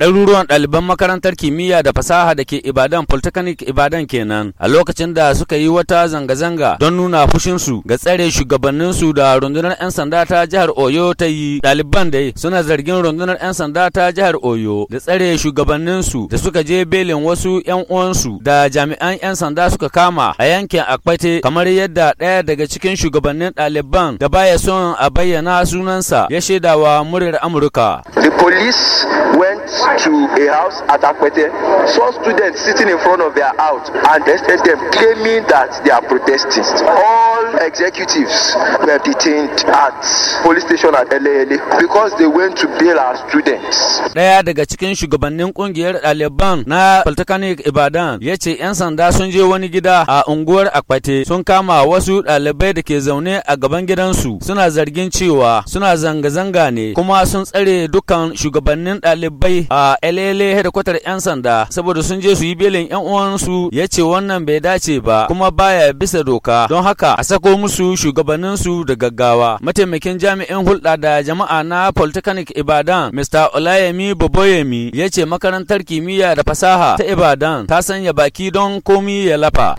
ɗaruruwan ɗaliban makarantar kimiyya da fasaha da ke Ibadan Polytechnic Ibadan kenan a lokacin da suka yi wata zanga-zanga don nuna fushinsu ga tsare shugabanninsu da rundunar 'yan sanda ta jihar Oyo ta yi ɗaliban dai suna zargin rundunar 'yan sanda ta jihar Oyo da tsare shugabanninsu da suka je belin wasu 'yan uwansu da jami'an 'yan sanda suka kama a yankin Akpate kamar yadda ɗaya daga cikin shugabannin ɗaliban da baya son a bayyana sunansa ya shaidawa muryar Amurka. police went to a house at Apete, saw students sitting in front of their house and arrested them, claiming that they are protesters. All executives were detained at police station at LALA because they went to bail our students. Daya daga cikin shugabannin kungiyar ɗaliban na Polytechnic Ibadan ya ce 'yan sanda sun je wani gida a unguwar akpate sun kama wasu ɗalibai da ke zaune a gaban gidansu suna zargin cewa suna zanga-zanga ne kuma sun tsare dukkan shugabannin ɗalibai a Elele hedikwatar 'yan sanda saboda sun je su yi belin 'yan uwansu ya ce wannan bai dace ba kuma baya bisa doka don haka a tako musu shugabanninsu da gaggawa. Mataimakin jami'in hulɗa da jama'a na Polytechnic Ibadan, Mr. Olayemi Boboyemi, ya ce makarantar kimiyya da fasaha ta Ibadan ta sanya baki don komi ya lafa.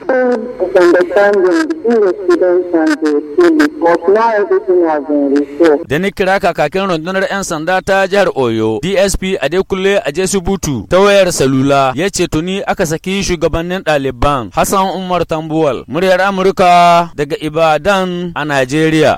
Dani between the students and the Da kira kakakin rundunar 'yan sanda ta jihar Oyo, DSP Adekunle Ajesubutu ta wayar salula ya ce tuni aka saki shugabannin ɗaliban Hassan Umar Tambuwal, muryar Amurka daga Ibadan a Najeriya.